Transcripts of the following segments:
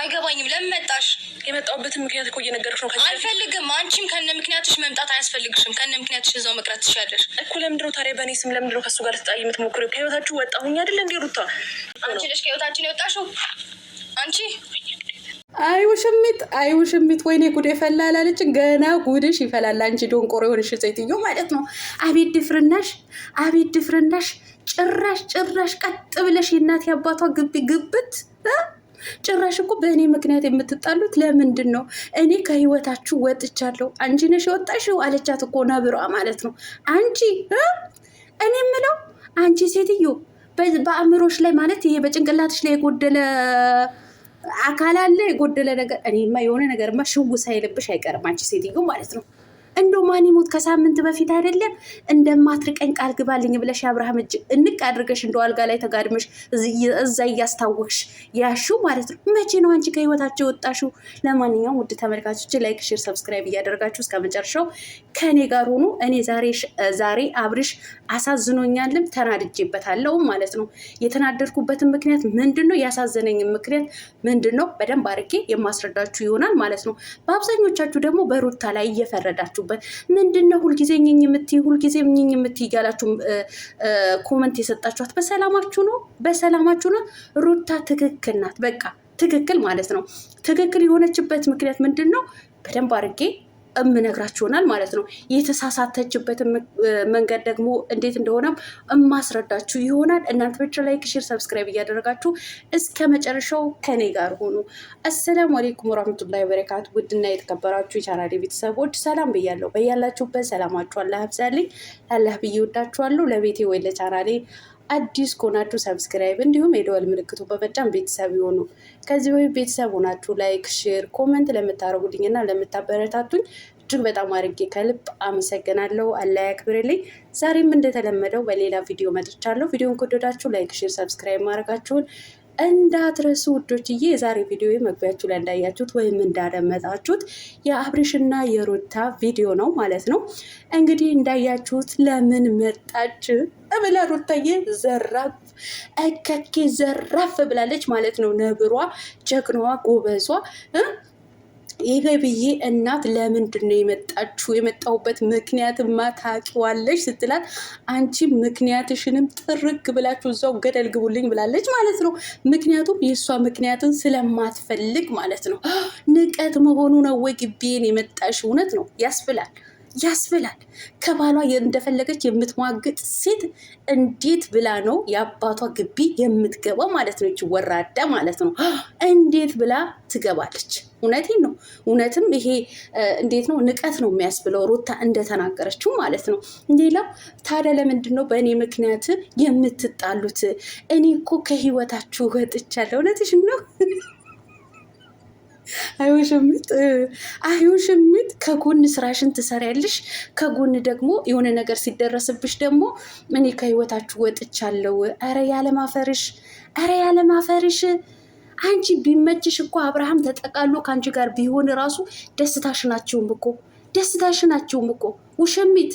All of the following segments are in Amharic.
አይገባኝም። ለምን መጣሽ? የመጣሁበትን ምክንያት እኮ እየነገርኩሽ ነው። አልፈልግም። አንቺም ከነ ምክንያትሽ መምጣት አያስፈልግሽም። ከነ ምክንያትሽ እዛው መቅረት ትሻለሽ እኮ። ለምንድነው ታዲያ በእኔ ስም ለምንድነው ከሱ ጋር ትጣይ የምትሞክሪው? ከህይወታችሁ ወጣሁኝ አይደለ እንዴ ሩታ? አንቺ ነሽ ከህይወታችን የወጣሽው አንቺ አይ ውሽሚት፣ አይ ውሽሚት፣ ወይኔ ጉድ የፈላ አላለች። ገና ጉድሽ ይፈላል። አንቺ ዶንቆሮ የሆንሽ ሴትዮ ማለት ነው። አቤት ድፍርናሽ፣ አቤት ድፍርናሽ! ጭራሽ ጭራሽ ቀጥ ብለሽ የእናት ያባቷ ግቢ ግብት ጭራሽ እኮ በእኔ ምክንያት የምትጣሉት ለምንድን ነው? እኔ ከህይወታችሁ ወጥቻለሁ። አንቺ ነሽ የወጣሽው አለቻት እኮ ነብሯ ማለት ነው። አንቺ እኔ ምለው አንቺ ሴትዮ በአእምሮሽ ላይ ማለት ይሄ በጭንቅላትሽ ላይ የጎደለ አካል አለ፣ የጎደለ ነገር እኔማ የሆነ ነገርማ ሽውስ አይልብሽ አይቀርም አንቺ ሴትዮ ማለት ነው። እንደው ማን ይሞት ከሳምንት በፊት አይደለም እንደማትርቀኝ ቃል ግባልኝ ብለሽ የአብርሃም እጅ እንቅ አድርገሽ እንደው አልጋ ላይ ተጋድመሽ እዛ እያስታወቅሽ ያሹ ማለት ነው። መቼ ነው አንቺ ከህይወታቸው ወጣሹ? ለማንኛውም ውድ ተመልካቾች ላይክ፣ ሼር፣ ሰብስክራይብ እያደረጋችሁ እስከ መጨረሻው ከእኔ ጋር ሆኑ። እኔ ዛሬ ዛሬ አብርሽ አሳዝኖኛልም ተናድጄበታለሁ ማለት ነው። የተናደድኩበትን ምክንያት ምንድን ነው? ያሳዘነኝን ምክንያት ምንድን ነው? በደንብ አርጌ የማስረዳችሁ ይሆናል ማለት ነው። በአብዛኞቻችሁ ደግሞ በሩታ ላይ እየፈረዳችሁ የምታደርጉበት ምንድን ነው? ሁልጊዜ እኝኝ የምትይ ሁልጊዜ እኝኝ የምትይ እያላችሁ ኮመንት የሰጣችኋት በሰላማችሁ ነው፣ በሰላማችሁ ነው። ሩታ ትክክል ናት፣ በቃ ትክክል ማለት ነው። ትክክል የሆነችበት ምክንያት ምንድን ነው? በደንብ አድርጌ እምነግራችሁ ይሆናል ማለት ነው። የተሳሳተችበትን መንገድ ደግሞ እንዴት እንደሆነም እማስረዳችሁ ይሆናል። እናንተ ብቻ ላይክ፣ ሼር፣ ሰብስክራይብ እያደረጋችሁ እስከ መጨረሻው ከኔ ጋር ሆኑ። አሰላሙ አሌይኩም ወራህመቱላሂ ወበረካቱ። ውድና የተከበራችሁ የቻናል ቤተሰቦች ሰላም ብያለሁ። በያላችሁበት ሰላማችሁ አላህ ያብዛልኝ። ላላህ ብዬ ወዳችኋለሁ። ለቤቴ ወይ ለቻናሌ አዲስ ከሆናችሁ ሰብስክራይብ እንዲሁም የደወል ምልክቱ በመጫን ቤተሰብ ይሆኑ። ከዚህ በፊት ቤተሰብ ሆናችሁ ላይክ፣ ሼር፣ ኮመንት ለምታደርጉልኝ እና ለምታበረታቱኝ እጅግ በጣም አድርጌ ከልብ አመሰግናለሁ። አላህ ያክብርልኝ። ዛሬም እንደተለመደው በሌላ ቪዲዮ መጥቻለሁ። ቪዲዮን ከወደዳችሁ ላይክ፣ ሼር፣ ሰብስክራይብ ማድረጋችሁን እንዳትረሱ ውዶችዬ። የዛሬ ቪዲዮ መግቢያችሁ ላይ እንዳያችሁት ወይም እንዳደመጣችሁት የአብርሽና የሩታ ቪዲዮ ነው ማለት ነው። እንግዲህ እንዳያችሁት ለምን መጣች ብላ ሩታዬ ዘራፍ እከኬ ዘራፍ ብላለች ማለት ነው። ነብሯ፣ ጀግናዋ፣ ጎበዟ የገብዬ እናት ለምንድን ነው የመጣችሁ? የመጣሁበት ምክንያት ማታውቂዋለሽ ስትላት አንቺ ምክንያትሽንም ጥርግ ብላችሁ እዛው ገደል ግቡልኝ ብላለች ማለት ነው። ምክንያቱም የእሷ ምክንያትን ስለማትፈልግ ማለት ነው። ንቀት መሆኑ ነው ወይ ግቤን የመጣሽ? እውነት ነው ያስብላል። ያስብላል። ከባሏ እንደፈለገች የምትሟግጥ ሴት እንዴት ብላ ነው የአባቷ ግቢ የምትገባ ማለት ነው? ወራዳ ማለት ነው። እንዴት ብላ ትገባለች? እውነቴን ነው። እውነትም ይሄ እንዴት ነው ንቀት ነው የሚያስብለው ሩታ እንደተናገረችው ማለት ነው። ሌላው ታዲያ ለምንድን ነው በእኔ ምክንያት የምትጣሉት? እኔ እኮ ከህይወታችሁ ወጥቻለሁ። እውነትሽ ነው። አይወሸምጥ አይወሸምጥ። ከጎን ስራሽን ትሰሪያለሽ፣ ከጎን ደግሞ የሆነ ነገር ሲደረስብሽ ደግሞ እኔ ከህይወታችሁ ወጥቻለሁ። ኧረ ያለማፈርሽ፣ ኧረ ያለማፈርሽ። አንቺ ቢመችሽ እኮ አብርሃም ተጠቃሎ ከአንቺ ጋር ቢሆን ራሱ ደስታሽ ናቸውም እኮ ደስታሽ ናቸውም እኮ ውሸሚት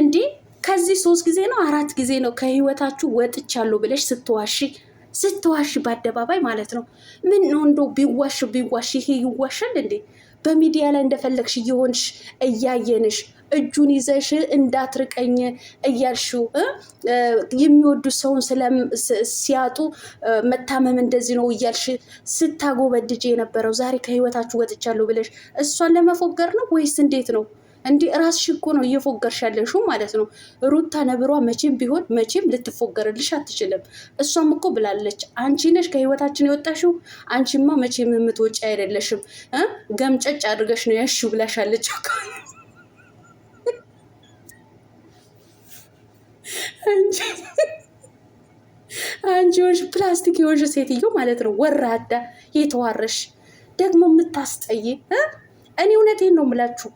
እንዲህ ከዚህ ሶስት ጊዜ ነው አራት ጊዜ ነው ከህይወታችሁ ወጥቻለሁ ብለሽ ስትዋሽ ስትዋሽ በአደባባይ ማለት ነው። ምን ነው እንደው ቢዋሽ ቢዋሽ ይሄ ይዋሻል እንዴ? በሚዲያ ላይ እንደፈለግሽ እየሆንሽ እያየንሽ እጁን ይዘሽ እንዳትርቀኝ እያልሽው የሚወዱ ሰውን ሲያጡ መታመም እንደዚህ ነው እያልሽ ስታጎበድጅ የነበረው ዛሬ ከህይወታችሁ ወጥቻለሁ ብለሽ እሷን ለመፎገር ነው ወይስ እንዴት ነው? እንዲህ ራስሽ እኮ ነው እየፎገርሽ ማለት ነው። ሩታ ነብሯ መቼም ቢሆን መቼም ልትፎገርልሽ አትችልም። እሷም እኮ ብላለች፣ አንቺ ነሽ ከህይወታችን የወጣሽው፣ አንቺማ መቼም የምትወጪ አይደለሽም፣ ገምጨጭ አድርገሽ ነው ያሽው ብላሻለች። አንቺዎች ፕላስቲክ የሆንሽ ሴትዮ ማለት ነው። ወራዳ የተዋረሽ ደግሞ የምታስጠይ። እኔ እውነቴን ነው የምላችሁ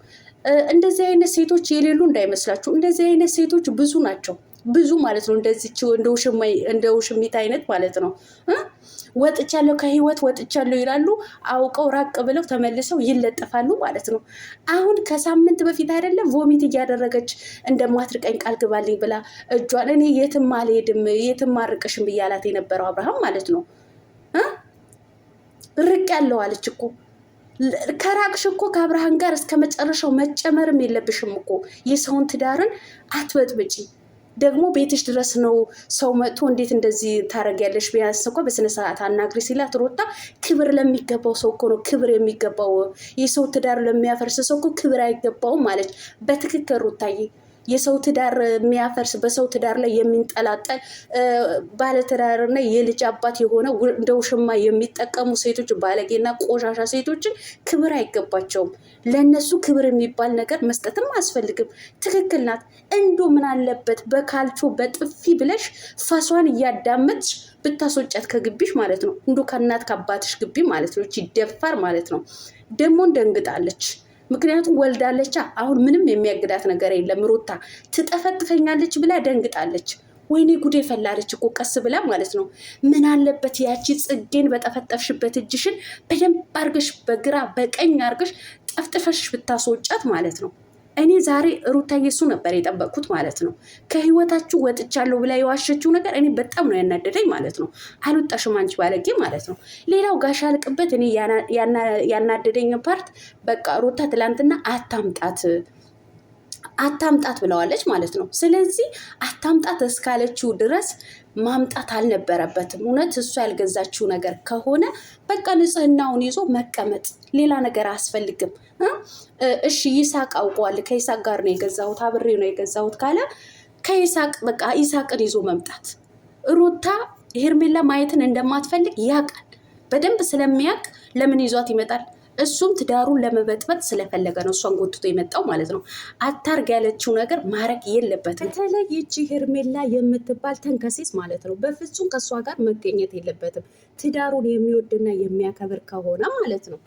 እንደዚህ አይነት ሴቶች የሌሉ እንዳይመስላችሁ። እንደዚህ አይነት ሴቶች ብዙ ናቸው፣ ብዙ ማለት ነው። እንደዚች እንደ ውሽሚት አይነት ማለት ነው። ወጥቻለሁ፣ ከህይወት ወጥቻለሁ ይላሉ። አውቀው ራቅ ብለው ተመልሰው ይለጠፋሉ ማለት ነው። አሁን ከሳምንት በፊት አይደለም ቮሚት እያደረገች እንደማትርቀኝ ቃል ግባልኝ ብላ እጇን እኔ የትም አልሄድም የትም አርቅሽም ብያላት የነበረው አብርሃም ማለት ነው። ርቅ ያለው አለች እኮ ከራቅሽ እኮ ከአብርሃም ጋር እስከ መጨረሻው መጨመርም የለብሽም እኮ የሰውን ትዳርን አትበጥብጪ። ደግሞ ቤትሽ ድረስ ነው ሰው መጥቶ እንዴት እንደዚህ ታደርጊያለሽ? ቢያንስ እኮ በስነ ስርዓት አናግሪ ሲላት ሮታ ክብር ለሚገባው ሰው እኮ ነው ክብር የሚገባው የሰው ትዳር ለሚያፈርስ ሰው እኮ ክብር አይገባውም ማለች። በትክክል ሮታዬ የሰው ትዳር የሚያፈርስ በሰው ትዳር ላይ የሚንጠላጠል ባለትዳርና የልጅ አባት የሆነ እንደ ውሽማ የሚጠቀሙ ሴቶች ባለጌና ቆሻሻ ሴቶችን ክብር አይገባቸውም። ለእነሱ ክብር የሚባል ነገር መስጠትም አያስፈልግም። ትክክል ናት። እንዶ ምን አለበት በካልቾ በጥፊ ብለሽ ፋሷን እያዳመጥሽ ብታስወጫት ከግቢሽ ማለት ነው። እንዶ ከእናት ከአባትሽ ግቢ ማለት ነው። ይደፋር ማለት ነው። ደግሞ እንደንግጣለች። ምክንያቱም ወልዳለቻ። አሁን ምንም የሚያግዳት ነገር የለም። ሩታ ትጠፈጥፈኛለች ብላ ደንግጣለች። ወይኔ ጉዴ ፈላለች እኮ ቀስ ብላ ማለት ነው። ምን አለበት ያቺ ጽጌን በጠፈጠፍሽበት እጅሽን በደንብ አርገሽ በግራ በቀኝ አርገሽ ጠፍጥፈሽ ብታስወጫት ማለት ነው። እኔ ዛሬ ሩታዬ እሱ ነበር የጠበቅኩት ማለት ነው። ከህይወታችሁ ወጥቻለሁ ብላ የዋሸችው ነገር እኔ በጣም ነው ያናደደኝ ማለት ነው። አልወጣሽም አንቺ ባለጌ ማለት ነው። ሌላው ጋሽ አልቅበት እኔ ያናደደኝ ፓርት በቃ ሩታ ትላንትና አታምጣት አታምጣት ብለዋለች ማለት ነው። ስለዚህ አታምጣት እስካለችው ድረስ ማምጣት አልነበረበትም። እውነት እሷ ያልገዛችው ነገር ከሆነ በቃ ንጽህናውን ይዞ መቀመጥ፣ ሌላ ነገር አያስፈልግም። እሺ ይሳቅ አውቀዋል። ከይሳቅ ጋር ነው የገዛሁት አብሬ ነው የገዛሁት ካለ ከይሳቅ በቃ ይሳቅን ይዞ መምጣት። ሩታ ሄርሜላ ማየትን እንደማትፈልግ ያውቃል። በደንብ ስለሚያውቅ ለምን ይዟት ይመጣል? እሱም ትዳሩን ለመበጥበጥ ስለፈለገ ነው እሷን ጎትቶ የመጣው ማለት ነው። አታርግ ያለችው ነገር ማድረግ የለበትም። በተለይ ይቺ ሄርሜላ የምትባል ተንከሴስ ማለት ነው በፍጹም ከእሷ ጋር መገኘት የለበትም። ትዳሩን የሚወድና የሚያከብር ከሆነ ማለት ነው።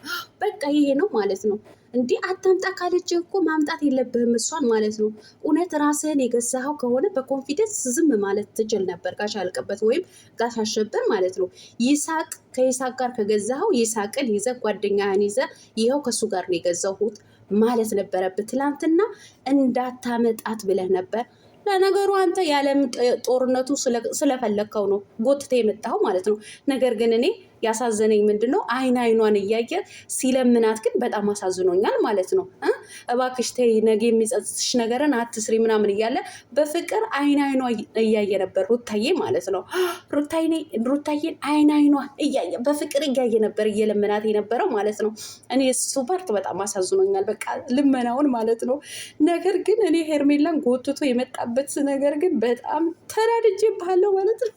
በቃ ይሄ ነው ማለት ነው። እንዲህ አታምጣ ካለች እኮ ማምጣት የለብህም እሷን ማለት ነው። እውነት ራስህን የገዛኸው ከሆነ በኮንፊደንስ ዝም ማለት ትችል ነበር፣ ጋሽ አልቀበት ወይም ጋሽ አሸበር ማለት ነው። ይሳቅ ከይሳቅ ጋር ከገዛኸው ይሳቅን ይዘ ጓደኛህን ይዘ ይኸው ከእሱ ጋር ነው የገዛሁት ማለት ነበረብህ። ትላንትና እንዳታመጣት ብለህ ነበር። ለነገሩ አንተ የዓለም ጦርነቱ ስለፈለግከው ነው ጎትተህ የመጣኸው ማለት ነው። ነገር ግን እኔ ያሳዘነኝ ምንድን ነው አይን አይኗን እያየ ሲለምናት ግን በጣም አሳዝኖኛል ማለት ነው። እባክሽ ተይ ነገ የሚጸጽትሽ ነገርን አትስሪ ምናምን እያለ በፍቅር አይን አይኗ እያየ ነበር ሩታዬ ማለት ነው። ሩታዬን አይን አይኗ እያየ በፍቅር እያየ ነበር እየለምናት የነበረው ማለት ነው። እኔ እሱ ፓርት በጣም አሳዝኖኛል። በቃ ልመናውን ማለት ነው። ነገር ግን እኔ ሄርሜላን ጎትቶ የመጣበት ነገር ግን በጣም ተናድጄ ባለው ማለት ነው።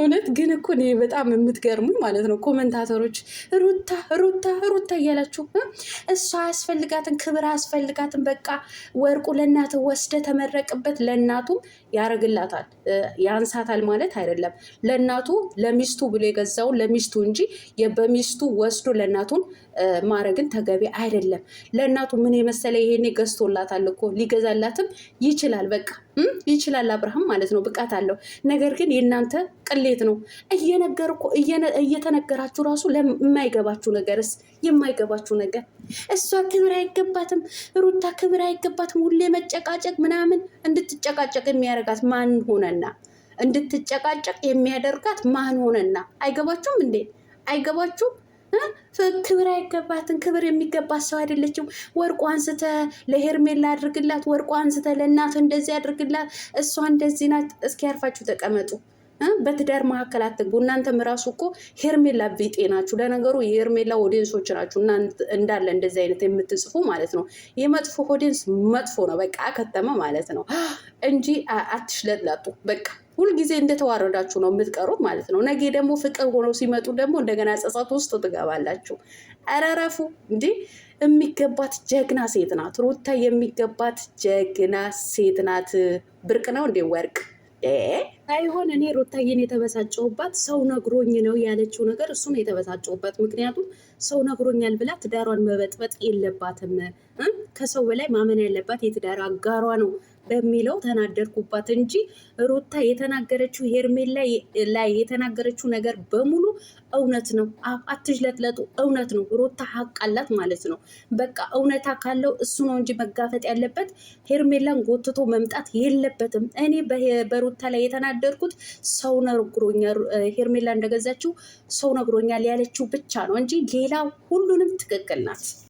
እውነት ግን እኮ እኔ በጣም የምትገርሙኝ ማለት ነው ኮመንታተሮች ሩታ ሩታ ሩታ እያላችሁ እሷ አያስፈልጋትን ክብር አያስፈልጋትን፣ በቃ ወርቁ ለእናት ወስደ ተመረቅበት። ለእናቱም ያረግላታል ያንሳታል ማለት አይደለም። ለእናቱ ለሚስቱ ብሎ የገዛውን ለሚስቱ እንጂ በሚስቱ ወስዶ ለእናቱን ማረግን ተገቢ አይደለም። ለእናቱ ምን የመሰለ ይሄኔ ገዝቶላታል እኮ ሊገዛላትም ይችላል በቃ ይችላል አብርሃም ማለት ነው፣ ብቃት አለው። ነገር ግን የእናንተ ቅሌት ነው። እየተነገራችሁ ራሱ ለማይገባችሁ ነገርስ የማይገባችሁ ነገር እሷ ክብር አይገባትም፣ ሩታ ክብር አይገባትም፣ ሁሌ መጨቃጨቅ ምናምን እንድትጨቃጨቅ የሚያደርጋት ማን ሆነና? እንድትጨቃጨቅ የሚያደርጋት ማን ሆነና? አይገባችሁም እንዴ? አይገባችሁም? ክብር አይገባትን ክብር የሚገባት ሰው አይደለችም። ወርቁ አንስተ ለሄርሜላ አድርግላት፣ ወርቁ አንስተ ለእናቱ እንደዚህ አድርግላት፣ እሷ እንደዚህ ናት። እስኪ ያርፋችሁ ተቀመጡ። በትዳር መካከል አትግቡ። እናንተም ራሱ እኮ ሄርሜላ ቢጤ ናችሁ። ለነገሩ የሄርሜላ ኦዲንሶች ናችሁ እንዳለ እንደዚህ አይነት የምትጽፉ ማለት ነው። የመጥፎ ኦዲንስ መጥፎ ነው፣ በቃ አከተመ ማለት ነው እንጂ አትሽለጥላጡ። በቃ ሁልጊዜ እንደተዋረዳችሁ ነው የምትቀሩት ማለት ነው። ነገ ደግሞ ፍቅር ሆነው ሲመጡ ደግሞ እንደገና ጸጸት ውስጥ ትገባላችሁ። ኧረ እረፉ የሚገባት ጀግና ሴት ናት ሩታ፣ የሚገባት ጀግና ሴት ናት። ብርቅ ነው እንዴ ወርቅ አይሆን እኔ ሩታዬን የተበሳጨሁባት ሰው ነግሮኝ ነው ያለችው ነገር ነው የተበሳጨሁባት ምክንያቱም ሰው ነግሮኛል ብላ ትዳሯን መበጥበጥ የለባትም ከሰው በላይ ማመን ያለባት የትዳር አጋሯ ነው በሚለው ተናደድኩባት እንጂ ሩታ የተናገረችው ሄርሜላ ላይ የተናገረችው ነገር በሙሉ እውነት ነው። ለጥለጡ እውነት ነው። ሩታ ሀቅ አላት ማለት ነው። በቃ እውነታ ካለው እሱ ነው እንጂ መጋፈጥ ያለበት ሄርሜላን ጎትቶ መምጣት የለበትም። እኔ በሩታ ላይ የተናደድኩት ሰው ነግሮኛል፣ ሄርሜላ እንደገዛችው ሰው ነግሮኛል ያለችው ብቻ ነው እንጂ ሌላ ሁሉንም ትክክል ናት።